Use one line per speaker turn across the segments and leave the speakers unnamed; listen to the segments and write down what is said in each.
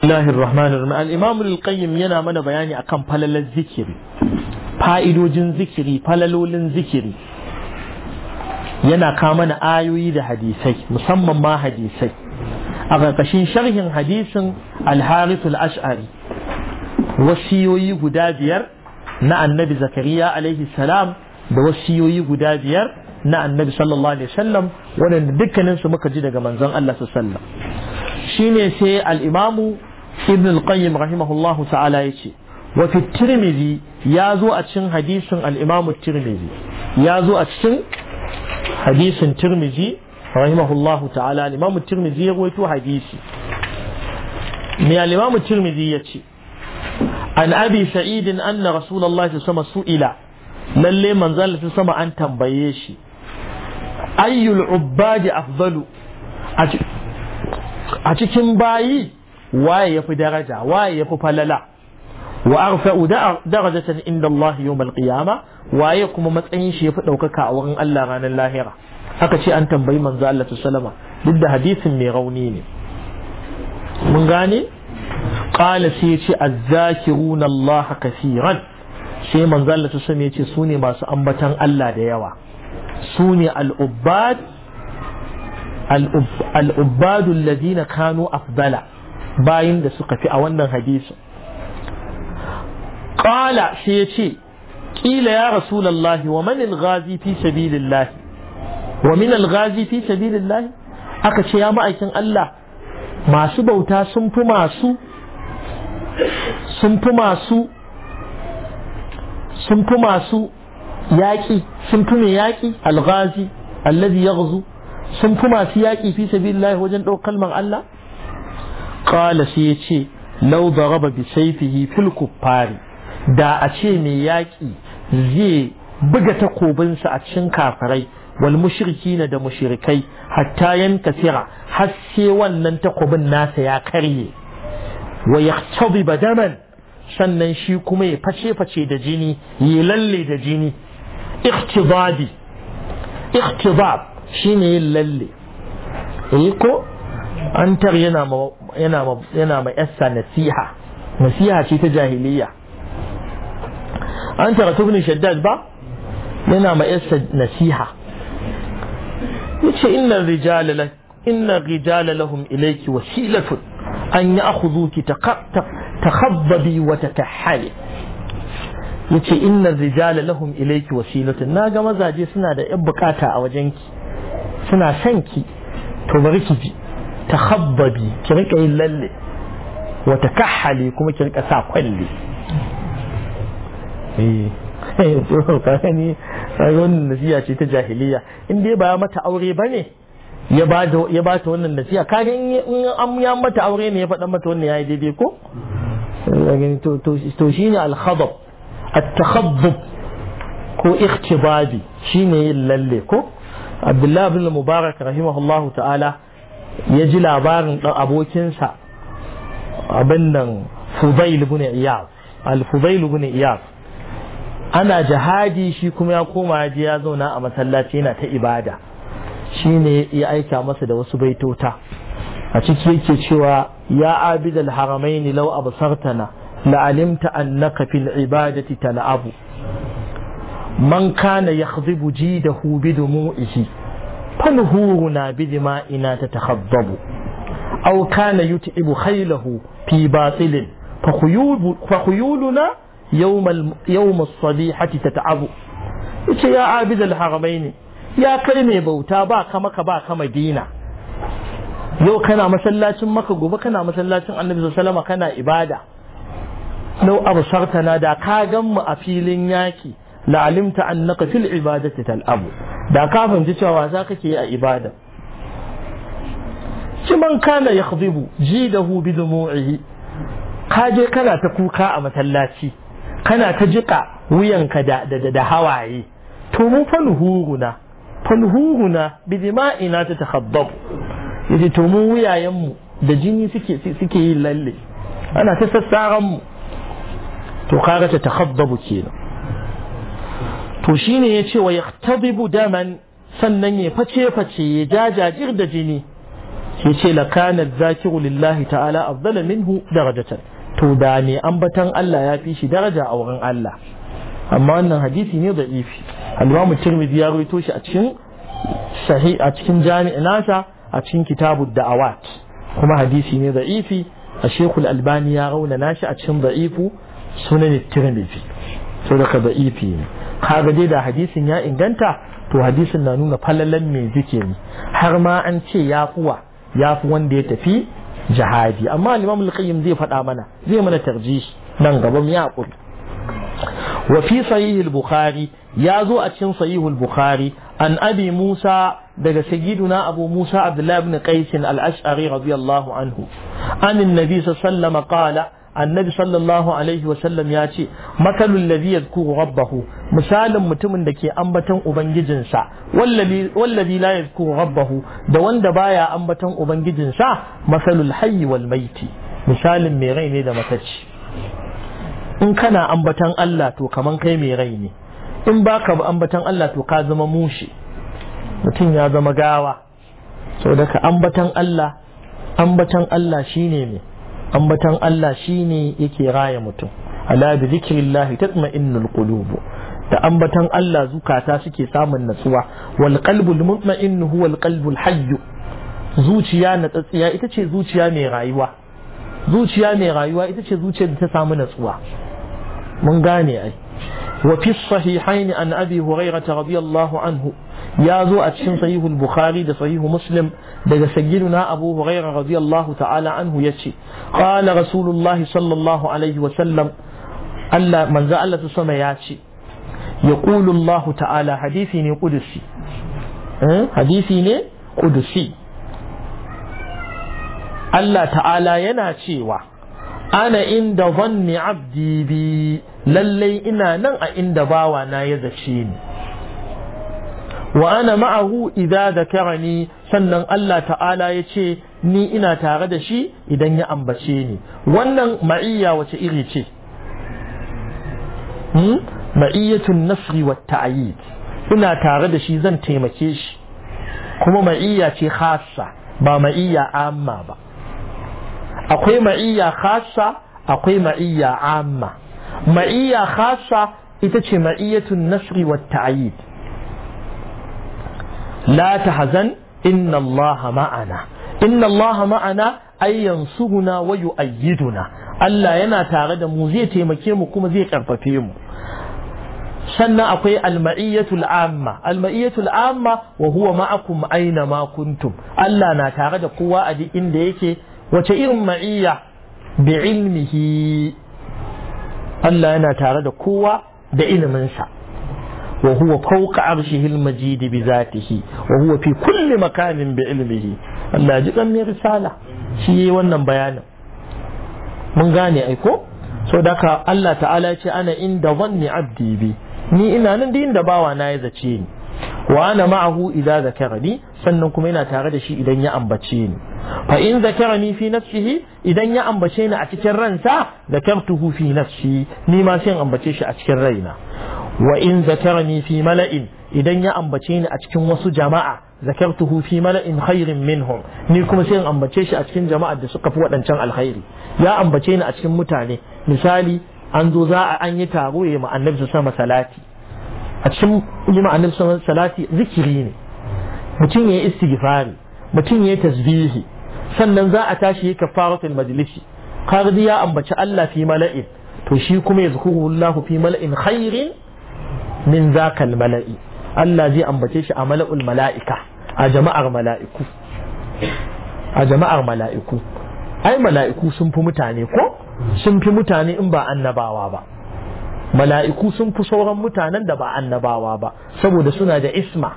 Allahin Rahmanir Rahim al-Imam yana mana bayani a kan falalar zikiri fa'idojin zikiri falalolin zikiri yana ka mana ayoyi da hadisai musamman ma hadisai a ƙarƙashin sharhin hadisin alharisul Ash'ari wasiyoyi guda biyar na annabi zakariya alaihi salam da wasiyoyi guda biyar na annabi sallallahu alaihi wasallam waɗanda dukkaninsu muka ji daga manzon Allah sallallahu shine sai ibn al-qayyim rahimahullahu ta'ala yace wa fi tirmidhi ya zo a cikin hadisin al-imam tirmidhi ya zo a cikin hadisin tirmidhi rahimahullahu ta'ala al-imam tirmidhi ya rawaito hadisi me al-imam tirmidhi yace an abi sa'id anna rasulullahi sama su'ila lalle manzon sama an tambaye shi ayyul ubbadi afdalu a cikin bayi waye yafi daraja waye yafi falala wa arfa'u darajatan inda Allah yawmal qiyama waye kuma matsayin shi yafi daukaka a wurin Allah ranar lahira aka ce an tambayi manzo Allah sallama duk da hadisin mai rauni ne mun gane qala sai yace azzakiruna Allah kaseeran sai manzo Allah sallama yace su ne masu ambatan Allah da yawa su ne al-ubbad al-ubbad alladhina kanu afdala bayin da suka fi a wannan hadisi qala shi ce ƙila ya rasulallahi wa man al fi sabilillah wa min al-ghazi fi sabilillah aka ce ya ma'aikin Allah masu bauta sun fi masu sun fi masu sun fi masu yaƙi sun fi mai yaƙi alghazi allazi yaghzu sun fi masu yaƙi fi sabilillah wajen ɗaukar kalmar Allah qala sai ya ce law daraba bi sayfihi fil kuffari da a ce mai yaƙi zai buga takobinsa a cikin kafirai wal mushrikina da mushrikai hatta yankasira har sai wannan takobin nasa ya karye wa yahtabi badaman sannan shi kuma ya fashe fashe da jini ya lalle da jini iktibadi iktibab shine yin lalle eh ko an tar yana ma yana ma yana ma yassa nasiha nasiha ce ta jahiliya an tar tubni shaddad ba yana ma yassa nasiha yace inna rijala lak inna rijala lahum ilayki wasilatun an ya'khudhuki takhabbi wa takahhali yace inna rijala lahum ilayki na ga mazaje suna da yan bukata a wajenki suna sanki to bari ki ji takhabbabi ki rika yin lalle wa takahhali kuma ki rika sa kwalle eh, eh kani wannan nasiya ce ta jahiliya in dai ba mata aure bane ya ba ya ba ta wannan nasiya ga in an ya mata aure ne ya faɗa mata wannan yayi daidai ko to to shine al-khadab at-takhabbub ko ikhtibabi shine yin lalle ko Abdullahi bin Mubarak rahimahullahu ta'ala ya ji labarin ɗan abokinsa abin nan fubail al ana jihadi shi kuma ya koma ya ya zauna a masallaci yana ta ibada Shi ne ya aika masa da wasu baitota a ciki yake cewa ya abidal haramain law absartana لعلمت Man في العبادة تلعب من كان يخضب da بدموعه فنهورنا بدمائنا تتخضب أو كان يتعب خيله في باطل فخيول فخيولنا يوم يوم الصبيحة تتعب يا عابد الحرمين يا كلمة بوتا باك مك باك مدينة yau kana masallacin maka gobe kana masallacin annabi sallama kana ibada lau absartana da ka gan mu a filin yaki la'alimta annaka fil ibadati tal'abu da ka fahimci cewa za ke yi a ibada kiman kana yakhdibu jidahu bi dumu'ihi ka je kana ta kuka a masallaci kana ta jika wuyanka da da da hawaye to mun fa nuhuruna bi dima'ina ta takhaddabu yace to mu wuyayen mu da jini suke suke yi lalle ana ta sassaran mu to kaga ta takhaddabu kenan to shine ya ce wa yaktadibu daman sannan ya face face ya jajajir da jini ya ce la zakiru lillahi ta'ala afdala minhu darajatan to da ne ambatan Allah ya fi shi daraja a wurin Allah amma wannan hadisi ne da ifi al ya rawaito shi a cikin a cikin jami'in nasa a cikin da da'awat kuma hadisi ne da ifi a shekul Albani ya rauna nashi a cikin da'ifu sunan Tirmidhi saboda ka da'ifi ne kaga dai da hadisin ya inganta to hadisin na nuna falalan mai zikiri har ma an ce ya kuwa ya fi wanda ya tafi jihadi amma al-imam zai faɗa mana zai mana tarjihi nan gaban ya kuri wa fi sahih al-bukhari ya zo a cikin sahih al-bukhari an abi musa daga sayyiduna abu musa abdullahi ibn qais al-ash'ari radiyallahu anhu an annabi sallallahu alaihi wasallam qala annabi sallallahu alaihi wasallam ya ce matalul ladhi yadhkuru rabbahu misalin mutumin da ke ambaton ubangijinsa wallazi la ku rabbahu da wanda baya ambaton ubangijinsa masalul hayyi wal maiti misalin mai rai ne da matacci in kana ambaton Allah to kaman kai mai rai ne in baka ambaton Allah to ka zama mushi mutum ya zama gawa saboda ka ambaton Allah ambaton Allah shine ne ambaton Allah shine yake raya mutum ala bi zikrillah tatma'innul qulubu da ambatan Allah zukata suke samun natsuwa wal qalbul mutma'in huwa al qalbul hayy zuciya natsatsiya ita ce zuciya mai rayuwa zuciya mai rayuwa ita ce zuciyar da ta samu natsuwa mun gane ai wa fi sahihaini an abi hurairah radiyallahu anhu ya zo a cikin sahihul bukhari da sahihu muslim daga sayyiduna abu hurairah radiyallahu ta'ala anhu yace qala rasulullahi sallallahu alaihi wa sallam Allah manzo Allah ta sama ya ce ta'ala hadisi ne kudusi. Hadisi ne kudusi. Allah Ta'ala yana cewa ana inda zanni abdi bi lallai ina nan a inda bawa na ya zace ni wa ana ma'ahu idza dhakarani sannan Allah ta'ala ya ce ni ina tare da shi idan ya ambace ni wannan ma'iyya wace iri ce ma'iyatun nasri wa ta'ayyid ina tare da shi zan taimake shi kuma ma'iyya ce khassa ba ma'iyya amma ba akwai ma'iyya khassa akwai ma'iyya amma ma'iyya khassa ita ce ma'iyyatun nasri wa ta'ayyid la tahzan inna Allah ma'ana inna Allah ma'ana ay yansuhuna wa yu'ayyiduna Allah yana tare da mu zai taimake mu kuma zai karfafe mu sannan akwai alma'iyyatul amma alma'iyyatul amma wa huwa ma'akum aina ma kuntum Allah na tare da kowa a duk inda yake wace irin ma'iyya bi ilmihi Allah yana tare da kowa da iliminsa wa huwa fawqa arshihil majid bi zatihi wa huwa fi kulli makanin bi ilmihi Allah ji kan mai risala shi wannan bayanin mun gane aiko so daka Allah ta'ala ce ana inda zanni abdi bi ni ina nan din da bawa na ya zace ni wa ana ma'ahu idza zakarani sannan kuma ina tare da shi idan ya ambace ni fa in zakarani fi nafsihi idan ya ambace ni a cikin ransa zakartuhu fi nafsi ni ma sai ambace shi a cikin raina wa in zakarani fi mala'in idan ya ambace ni a cikin wasu jama'a zakartuhu fi mala'in khairin minhum ni kuma sai ambace shi a cikin jama'ar da suka fi waɗancan alkhairi ya ambace ni a cikin mutane misali an zo za a an yi taro ya ma annabi sama salati a cikin yi sama salati zikiri ne mutum ya yi istighfari mutum ya yi tasbihi sannan za a tashi ya kafaratul majlisi qardi ya ambaci Allah fi mala'in to shi kuma ya zukuru Allah fi mala'in khairin min zakal mala'i Allah zai ambace shi a mala'ul mala'ika a jama'ar mala'iku a jama'ar mala'iku ai mala'iku sun fi mutane ko sun fi mutane in ba annabawa ba mala'iku sun fi sauran mutanen da ba annabawa ba saboda suna da isma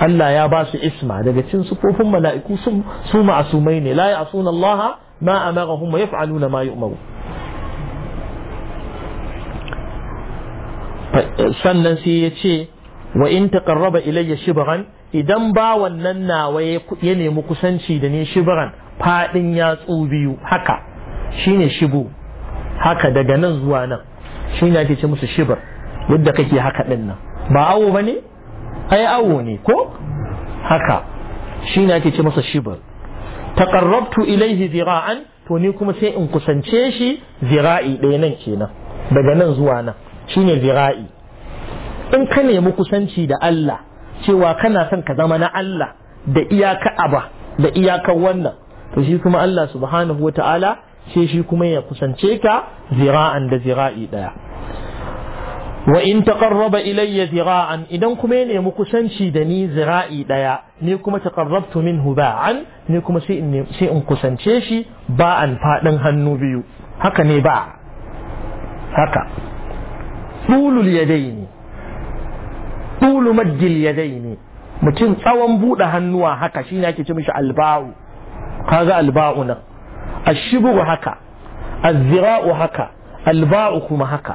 Allah ya ba su isma daga cin sufofin mala'iku sun su ma'asumai ne la ya'sun Allah ma amarahum sannan sai ya ce wa in taqarraba ilayya shibran idan ba wannan nawa ya nemi kusanci da ni shibran faɗin yatsu biyu haka shine shibu haka daga nan zuwa nan shine ake ce musu shibar yadda kake haka ɗin nan ba awo ba ne ai awo ne ko haka shine ake ce masa shibar taqarrabtu ilaihi zira'an to ni kuma sai in kusance shi zira'i ɗaya nan kenan daga nan zuwa nan shine zira'i in ka nemi kusanci da Allah cewa kana son ka zama na Allah da iyaka aba da iyakar wannan to shi kuma Allah subhanahu wa ta'ala sai shi kuma ya kusance ka zira'an da zira'i daya wa in taqarraba ilayya zira'an idan kuma ya nemi kusanci da ni zira'i daya ni kuma min minhu ba'an ni kuma sai in kusance shi ba'an fadin hannu biyu haka ne ba haka yadai ne tulu maddil ne. mutum tsawon buɗe hannuwa haka shine ake ce mishi alba'u kaga alba'u nan haka azira'u haka alba'u kuma haka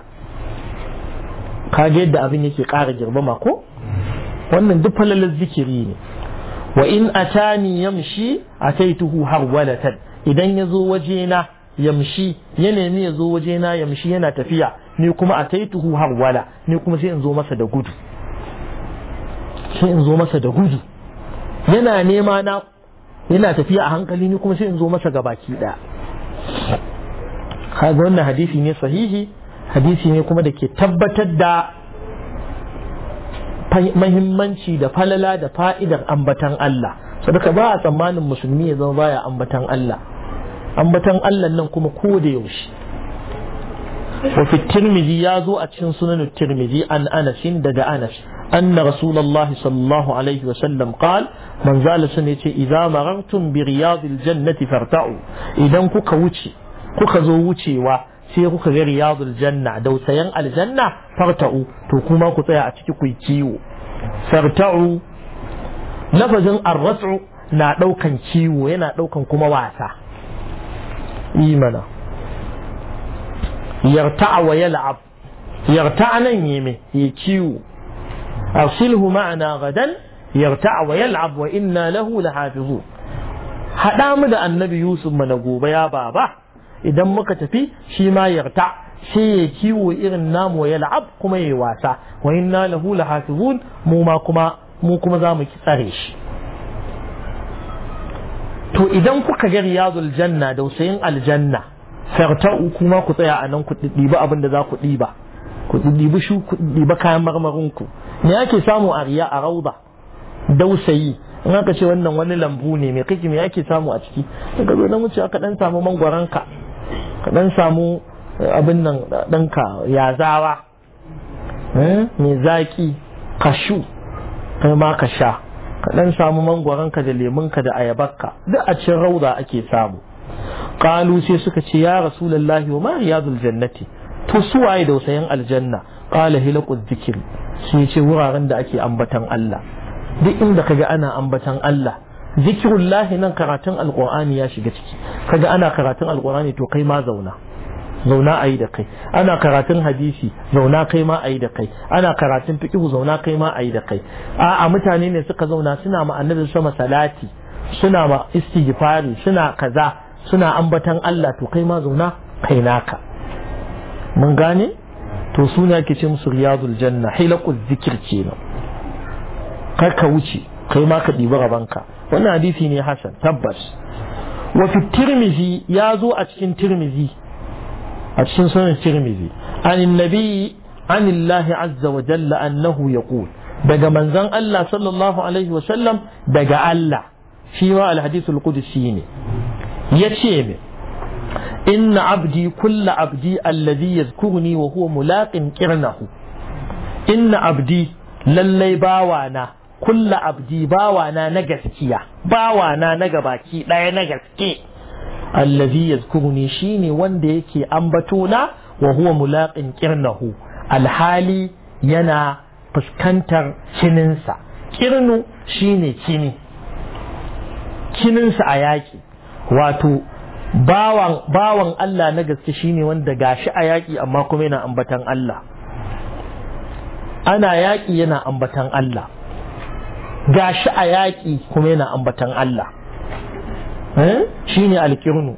kaga yadda abin yake ƙara ma ko wannan duk falalar zikiri ne wa in atani yamshi ataituhu harwalatan idan yazo zo wajena yamshi ya nemi ya zo wajena yamshi yana tafiya ni kuma ataituhu harwala ni kuma sai in zo masa da gudu sai in zo masa da gudu yana nema na yana tafiya a hankali ni kuma sai in zo masa ga baki ɗaya kaga wannan hadisi ne sahihi hadisi ne kuma da ke tabbatar da mahimmanci da falala da fa'idar ambatan Allah sadaka ba a tsammanin musulmi ya zama baya ambatan Allah ambatan Allah nan kuma ko da yaushe Wafi الترمذي ya zo a cikin عن أنس an أنس أن رسول الله صلى من zala sun yace idza marartum bi riyadil jannati farta'u idan kuka wuce kuka zo wucewa sai kuka ga riyadul janna da wutayan aljanna farta'u to kuma ku tsaya a ciki ku kiwo farta'u lafazin arrat'u na daukan kiwo yana daukan kuma wasa imana yarta'a wa yal'ab yarta'a nan yeme ya kiwo arsilhu ma'ana gadan yarta'a wa yal'ab wa inna lahu lahafizun haɗa mu da annabi yusuf mana gobe ya baba idan muka tafi shi ma yarta sai ya kiwo irin namu wa yal'ab kuma ya wasa wa inna lahu lahafizun mu ma kuma mu kuma zamu mu tsare shi to idan kuka ga riyadul janna dausayin aljanna farta'u kuma ku tsaya a nan ku ɗiba abin da za ku ɗiba ku ɗibi shu ku ɗiba kayan marmarin ku me ake samu a riya a rauda dausayi in aka ce wannan wani lambu ne mai kake me ake samu a ciki ka zo na wucewa ka dan samu mangwaranka ka dan samu abin nan ɗanka yazawa eh, mai zaki kashu kai ma ka sha ka dan samu mangwaranka da lemunka da ayabarka duk a cikin rauda ake samu qalu sai suka ce ya rasulullahi wa ma riyadul jannati to su waye da aljanna qala hilaqud dhikr sai ce wuraren da ake ambatan Allah duk inda ka ga ana ambatan Allah zikirullahi nan karatun alqur'ani ya shiga ciki kaga ana karatun alqur'ani to kai ma zauna zauna a da kai ana karatun hadisi zauna kai ma a da kai ana karatun fiqhu zauna kai ma a da kai a'a mutane ne suka zauna suna ma annabi sama salati suna ma istighfari suna kaza suna ambatan Allah to kai ma zauna kai naka mun gane to suna ke ce musu riyadul janna hilaqul zikir kenan kar ka wuce kai ma ka ɗibi rabanka wannan hadisi ne hasan tabbas Wafi tirmizi ya zo a cikin tirmizi a cikin sunan tirmizi an nabi an Allah azza wa jalla annahu yaqul daga manzon Allah sallallahu alaihi wa sallam daga Allah shi ma al-hadith al-qudsi ne yace me abdi عبدي كل عبدي wa يذكرني وهو ملاق inna abdi lallai للي kulla abdi bawana na gaskiya bawana na gabaki ɗaya na gaske allazi yazkuruni shine wanda yake na wa huwa mulaqin qirnahu alhali yana fuskantar kininsa kirnu shine kini kininsa a yaƙi wato bawan bawan Allah na gaske shine wanda gashi a yaƙi amma kuma yana ambatan Allah ana yaƙi yana ambatan Allah gashi a yaƙi kuma yana ambatan Allah eh? Shi ne alƙirnu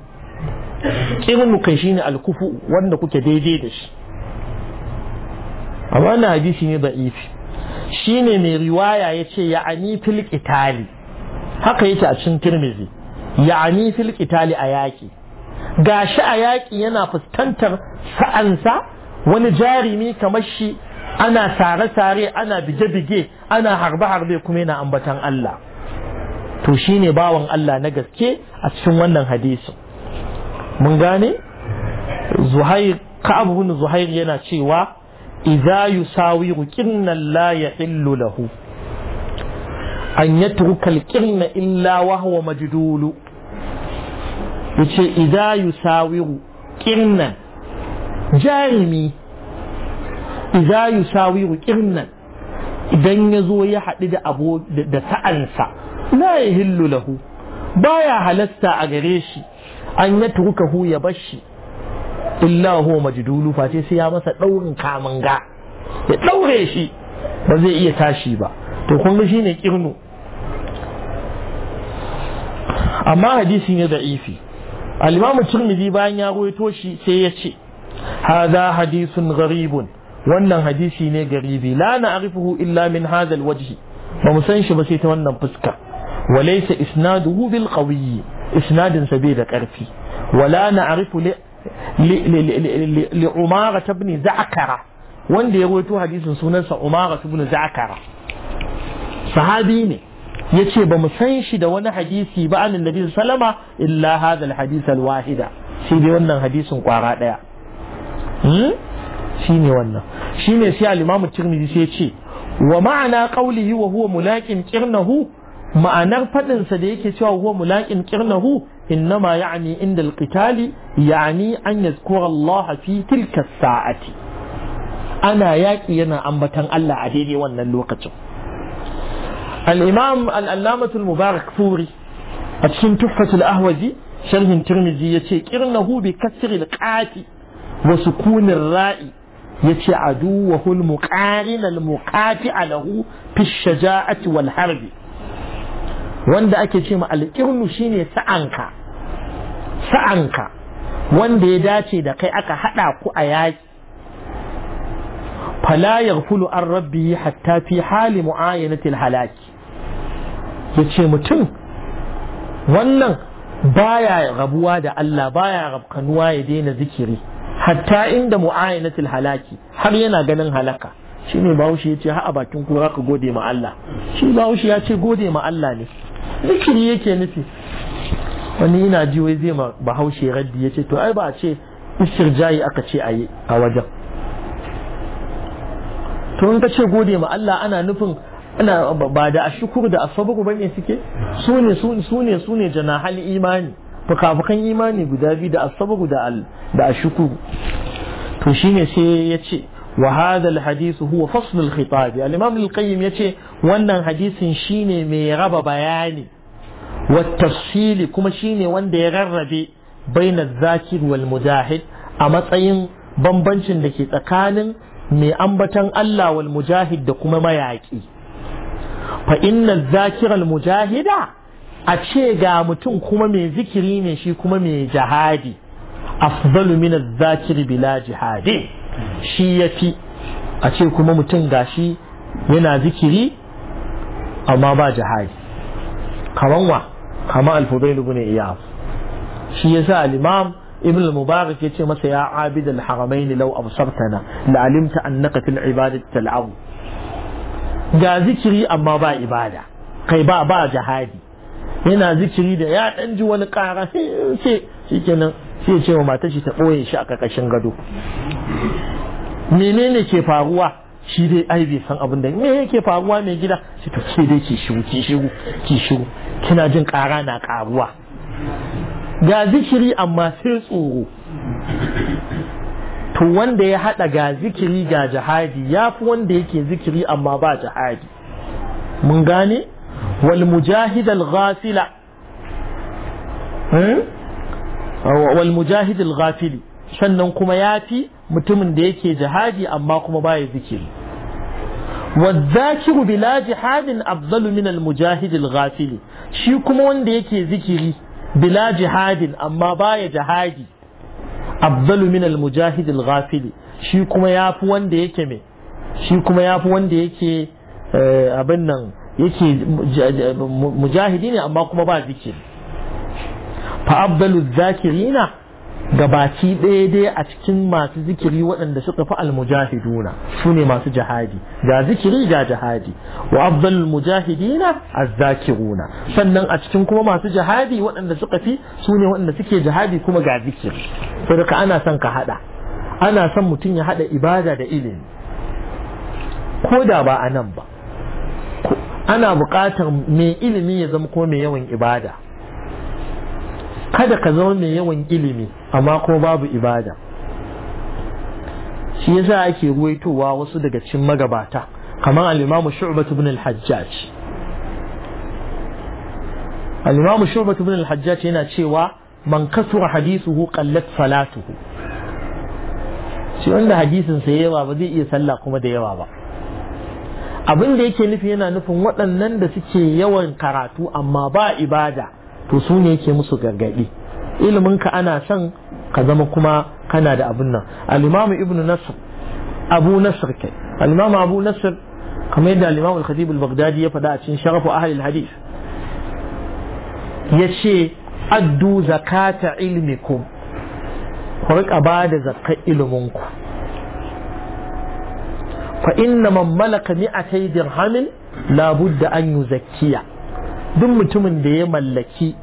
ƙirnu kai ne alkufu wanda kuke daidai da shi A wannan hadisi ne da ifi ne mai riwaya ya ce ya fil itali haka yake a cikin tirmizi Ya fil itali a yaƙi gashi a yaƙi yana fuskantar sa'ansa wani jarimi kamar shi ana sare-sare ana bige-bige ana harbe-harbe kuma yana ambatan Allah to shi ne bawan Allah na gaske a cikin wannan hadisin mun gane zuhair ka'ab ibn zuhair yana cewa idza yusawiru qirna la yahillu lahu an yatruka al-qirna illa wa huwa majdulu yace idza yusawiru qirna jarimi idza yusawiru qirna idan ya zo ya haɗu da abu da sa'ansa la ya hillu lahu baya halasta a gare shi an ya hu ya bar shi illa huwa majdulu face sai ya masa daurin kamanga ya daure shi ba zai iya tashi ba to kun ga shine kirnu amma hadisi ne da'ifi al-imamu tirmidhi bayan ya rawaito shi sai ya ce hadha hadithun gharibun wannan hadisi ne garibi la na'rifuhu illa min hadha alwajhi ba mu san shi ba sai ta wannan fuska walaysa isnaduhu bil qawi isnadin sa bai da karfi wala na'rifu li umara ibn za'kara wanda ya rawaito hadisin sunansa umara ibn za'kara sahabi ne yace ba mu san shi da wani hadisi ba annabi sallallahu alaihi illa hadha alhadith wahida. shi dai wannan hadisin kwara daya hmm? shine wannan shine sai al-Imam Tirmidhi sai ce wa ma'ana qawlihi wa huwa mulaqin qirnahu ma'anar faɗinsa da yake cewa huwa mulaƙin ƙirnahu innama ya'ni inda alƙitali ya'ni an yazkura Allah fi tilka sa'ati ana yaƙi yana ambatan Allah a daidai wannan lokacin al-imam al mubarak furi a cikin tuhfatul ahwazi sharhin tirmizi yace ƙirnahu bi kasril qati wa sukunir ra'i yace aduwahu al-muqarin al-muqati alahu fi shaja'ati wal harbi wanda ake ce ma alƙirnu shine sa'anka sa'anka wanda ya dace da kai aka haɗa ku a yaki. fala yaghfulu an rabbi hatta fi hali mu'ayanatil halaki yace mutum wannan baya rabuwa da Allah baya rabkanuwa ya daina zikiri hatta inda mu'ayyanatul halaki har yana ganin halaka shi ne bahaushe ya ce ha a bakin kura ka gode ma Allah shi bahaushe ya ce gode ma Allah ne zikiri yake nufi wani yana ji wai zai ma bahaushe raddi ya ce to ai ba a ce istirjayi aka ce a yi a wajen to in ka ce gode ma Allah ana nufin ana ba da ashukur da asabu bane suke su ne su ne su ne janahal imani fukafukan imani guda biyu da asabu da al da ashuku to shine sai ya ce wa hadha al hadith huwa fasl al khitab al imam al qayyim yace wannan hadisin shine mai raba bayani wa tafsili kuma shine wanda ya rarrabe baina zakir wal mujahid a matsayin bambancin da ke tsakanin mai ambatan Allah wal mujahid da kuma mayaki fa inna zakir al mujahida a ce ga mutum kuma mai zikiri ne shi kuma mai jihadi afdalu min zakir bila jihadi shi fi a ce kuma mutum gashi yana zikiri amma ba jihadi kaman wa kama al-fudayl iya shi yasa sa alimam. ibn al-mubarak yace masa ya abid al-haramain law absartana la alimta annaka fil ibadati tal'ab ga zikiri amma ba ibada kai ba ba jihadi yana zikiri da ya dan ji wani kara sai shikenan sai ce wa matar shi ta ɓoye shi a ƙarƙashin gado menene ke faruwa shi dai ai bai san abin da me yake faruwa mai gida shi ta ce dai ki shiru ki shiru ki shiru kina jin kara na karuwa ga zikiri amma sai tsoro to wanda ya haɗa ga zikiri ga jihadi ya fi wanda yake zikiri amma ba jihadi mun gane wal mujahid al ghafila eh? sannan kuma ya fi mutumin da yake jihadi amma kuma baya zikiri والذاكر بلا جهاد أفضل من المجاهد الغافل شي kuma wanda yake zikiri bila jihadin amma baya jihadi afdalu min al-mujahid al shi kuma ya fi wanda yake me shi kuma ya fi wanda yake eh, abin nan yake mujahidi ne amma kuma ba zikiri fa abdalu zakirina gabaci ɗaya dai a cikin masu zikiri waɗanda suka fi almujahiduna su ne masu jihadi ga zikiri ga jihadi wa abdul mujahidina azakiruna sannan a cikin kuma masu jihadi waɗanda suka fi su ne waɗanda suke jihadi kuma ga zikiri ka ana son ka haɗa ana son mutum ya haɗa ibada da ilimi ko da ba a nan ba ana buƙatar mai ilimi ya zama ko mai yawan ibada kada ka zama mai yawan ilimi amma ko babu ibada shi yasa ake ruwaitowa wasu daga cikin magabata kamar al-imamu shu'batu ibn al-hajjaj al-imamu ibn al-hajjaj yana cewa man kasura hadisuhu qallat salatuhu shi wanda hadisin sa yawa ba zai iya sallah kuma da yawa ba abin da yake nufi yana nufin waɗannan da suke yawan karatu amma ba ibada to su ne yake musu gargaɗi ka ana son ka zama kuma kana da abin nan al-imamu ibnu nasr abu nasr kai al abu nasr kamar yadda al-imamu al-khatib al-baghdadi ya faɗa a cikin sharafu ahli al-hadith yace addu zakata ilmikum ku riƙa ba da zakar iliminku fa inna man malaka mi'atay dirhamin la budda an zakiya. duk mutumin da ya mallaki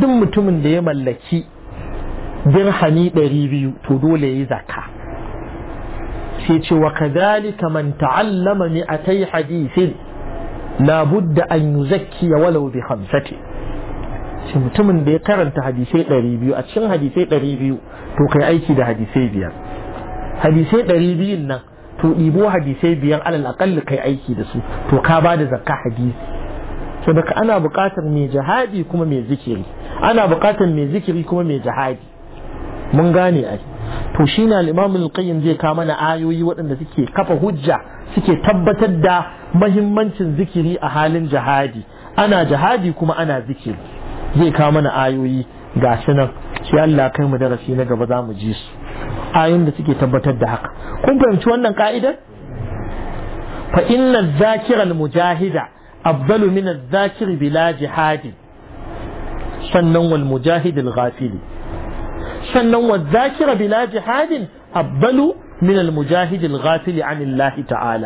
duk mutumin da ya mallaki dirhami 200 to dole ya yi zakka sai ce wa kadhalika man ta'allama mi'atay hadithin la budda an yuzakkiya walau bi khamsati shi mutumin da ya karanta hadisai ɗari biyu a cikin hadisai ɗari biyu to kai aiki da hadisai biyar hadisai ɗari biyun nan to ɗibo hadisai biyan alal aƙalli kai aiki da su to ka ba da zakka hadisi To daga ana buƙatar mai jihadi kuma mai zikiri ana buƙatar mai zikiri kuma mai jihadi mun gane ai to shi na limamin qayyim zai ka mana ayoyi waɗanda suke kafa hujja suke tabbatar da mahimmancin zikiri a halin jihadi ana jihadi kuma ana zikiri zai ka mana ayoyi ga shi nan shi Allah kai mu darasi na gaba za mu ji su ayoyin da suke tabbatar da haka kun fahimci wannan ka'idar fa inna zakiran mujahida afdalu min zakir bila jihadi sannan wal mujahid al sannan wa zakira bila jihadin afdalu من المجاهد الغافل عن الله fa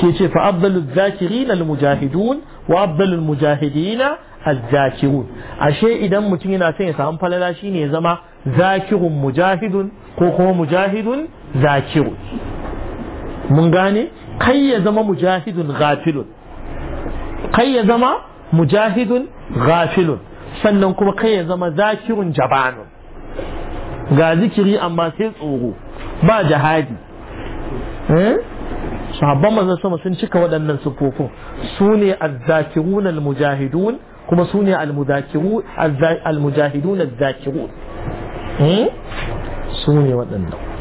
شيء فأفضل الذاكرين Mujahidun. wa abdalul mujahidina az ashe idan mutum yana son ya samu falala shine ya zama zakirun mujahidun ko kuma mujahidun zakirun mun gane kai ya zama mujahidun ghafilun kai ya zama mujahidun ghafilun sannan kuma kai ya zama zakirun jabanu ga zikiri amma sai tsoro ba jihadi eh? sahabban manzon sama sun cika waɗannan sufofin su ne azzakirun almujahidun kuma su ne almujahidun azzakirun hmm? su ne waɗannan